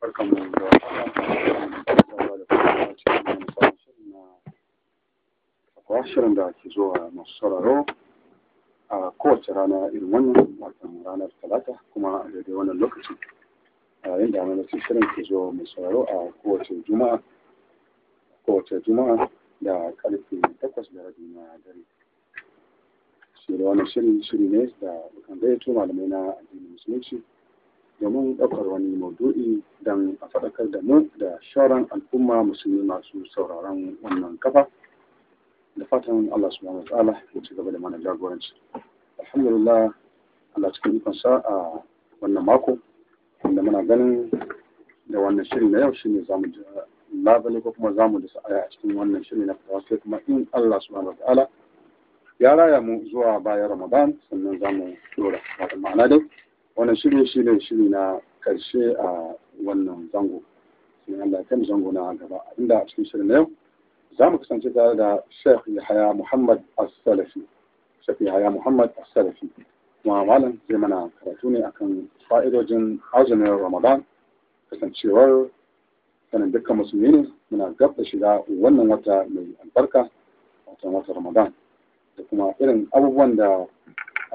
barkanmu da shirin da ke zuwa masu sauraro a kowace rana irin wannan watan ranar talata kuma a daidai wannan lokaci a yayin da mana shirin ke zuwa mai sauraro a kowace juma'a kowace juma'a da karfe takwas da rabi na dare shi da wannan shirin shiri ne da bukan gayyato malamai na addinin musulunci domin ɗaukar wani maudu'i don a faɗakar da mu da shauran al'umma musulmi masu sauraron wannan kafa da fatan Allah subhanahu wataala ya ci gaba da mana jagoranci alhamdulillah Allah cikin ikonsa a wannan mako wanda muna ganin da wannan shirin na yau ne zamu labali ko kuma zamu da sa'aya a cikin wannan shirin na fatawa sai kuma in Allah subhanahu wataala ya raya mu zuwa bayan Ramadan sannan zamu dora ma'ana dai wannan shirin shi ne shiri na karshe a wannan zango sun Allah kan zango na gaba inda a cikin shirin na yau za mu kasance tare da Sheikh Yahaya Muhammad As-Salafi Sheikh Yahaya Muhammad As-Salafi kuma malam zai mana karatu ne akan fa'idojin azumin Ramadan kasancewar sanin dukkan musulmi ne muna gab shiga wannan wata mai albarka wata wata Ramadan da kuma irin abubuwan da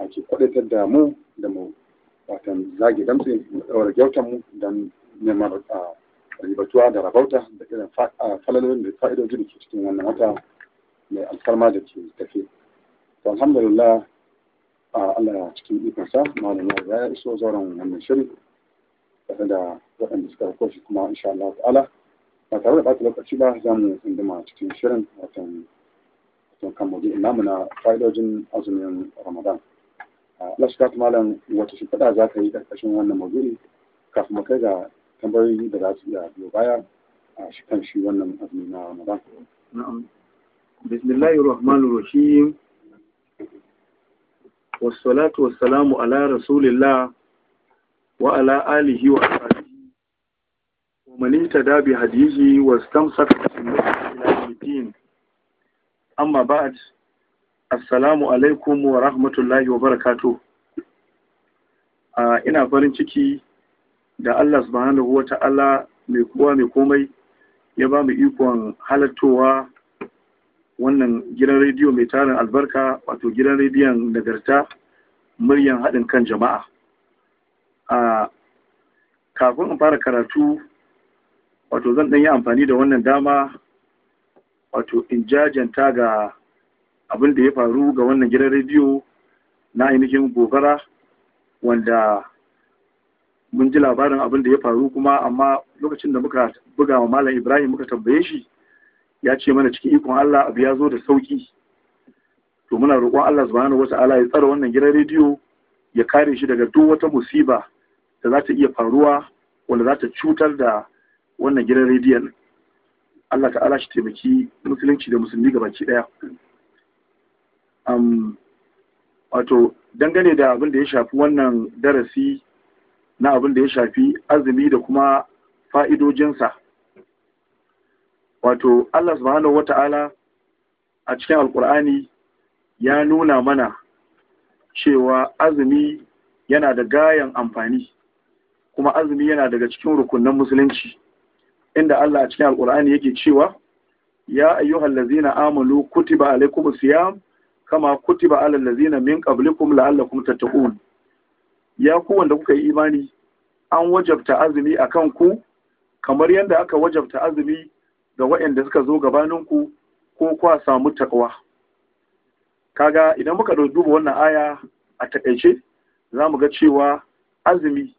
ake kwadatar da mu da mu watan zage damtse mu ɗaura gyautan mu don neman ribatuwa da rabauta da irin falalolin da fa'idojin da ke cikin wannan wata mai alfarma da ke tafi to alhamdulillah Allah ya cikin ikonsa malam ya ya iso zauren wannan shiri tare da waɗanda suka rako shi kuma insha Allah ta'ala ba tare da ɓata lokaci ba za mu tsinduma cikin shirin watan kan mu ji imamu na fa'idojin azumin Ramadan lashkatu malam wata shimfiɗa za ka yi ƙarƙashin wannan maguri kafin kai ga tambayoyi da za su iya biyo baya a shi kan shi wannan azumi na ramadan bismillahi rahmanu rahim wassalatu wassalamu ala rasulillah wa ala alihi wa ashabihi wa man ihtada bi hadihi wa istamsaka bi sunnatihi ila yawmiddin amma ba'ad. Assalamu alaikum wa rahmatullahi wa barakatu. Ah, ina farin ciki da Allah subhanahu Wata'ala mai kowa mai komai ya ba mu ikon halartowa wannan gidan rediyo mai tarin albarka wato gidan rediyon nagarta muryan haɗin kan jama'a. Ah, kafin in fara karatu wato zan ɗan yi amfani da wannan dama wato in jajanta ga abin da ya faru ga wannan gidan rediyo na ainihin gobara wanda mun ji labarin abin da ya faru kuma amma lokacin da muka buga wa malam ibrahim muka tambaye shi ya ce mana cikin ikon allah abu ya zo da sauki to muna roƙon allah subhanahu wa ta'ala ya tsara wannan gidan rediyo ya kare shi daga duk wata musiba da za ta iya faruwa wanda za ta cutar da wannan gidan rediyon Allah ta'ala shi taimaki musulunci da musulmi gabaki ɗaya. wato dangane da abin da ya shafi wannan darasi na abin da ya shafi azumi da kuma fa'idojinsa wato Allah subhanahu wata'ala a cikin alkur'ani ya nuna mana cewa azumi yana da gayan amfani kuma azumi yana daga cikin rukunan musulunci inda Allah a cikin alkur'ani yake cewa ya ayyuhallazina amalu kutiba alaikumus siyam kama kutiba alal zina min qablikum la'allakum tattaqun ya ku wanda kuka yi imani an wajabta azumi akan ku kamar yadda aka wajabta azumi ga waɗanda suka zo gabaninku ko kwa samu takwa kaga idan muka duba wannan aya a takaice za mu ga cewa azumi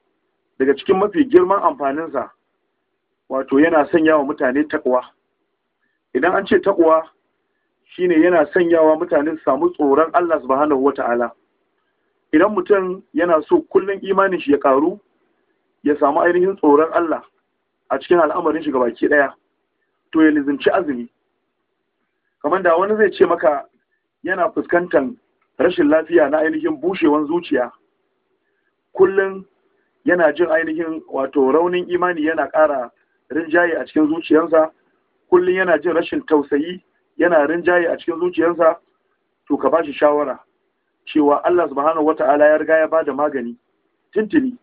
daga cikin mafi girman amfaninsa wato yana sanya wa mutane takwa idan an ce takwa shine yana sanyawa mutane su samu tsoron Allah subhanahu wata'ala idan mutum yana so kullun imanin shi ya karu ya samu ainihin tsoron Allah a cikin al'amarin shi gabaki daya to ya lizinci azumi kamar da wani zai ce maka yana fuskantar rashin lafiya na ainihin bushewan zuciya kullum yana jin ainihin wato raunin imani yana ƙara rinjaye a cikin zuciyarsa kullum yana jin rashin tausayi yana rinjaye a cikin zuciyarsa to ka ba shi shawara cewa Allah subhanahu wata'ala ya riga ya bada magani tintini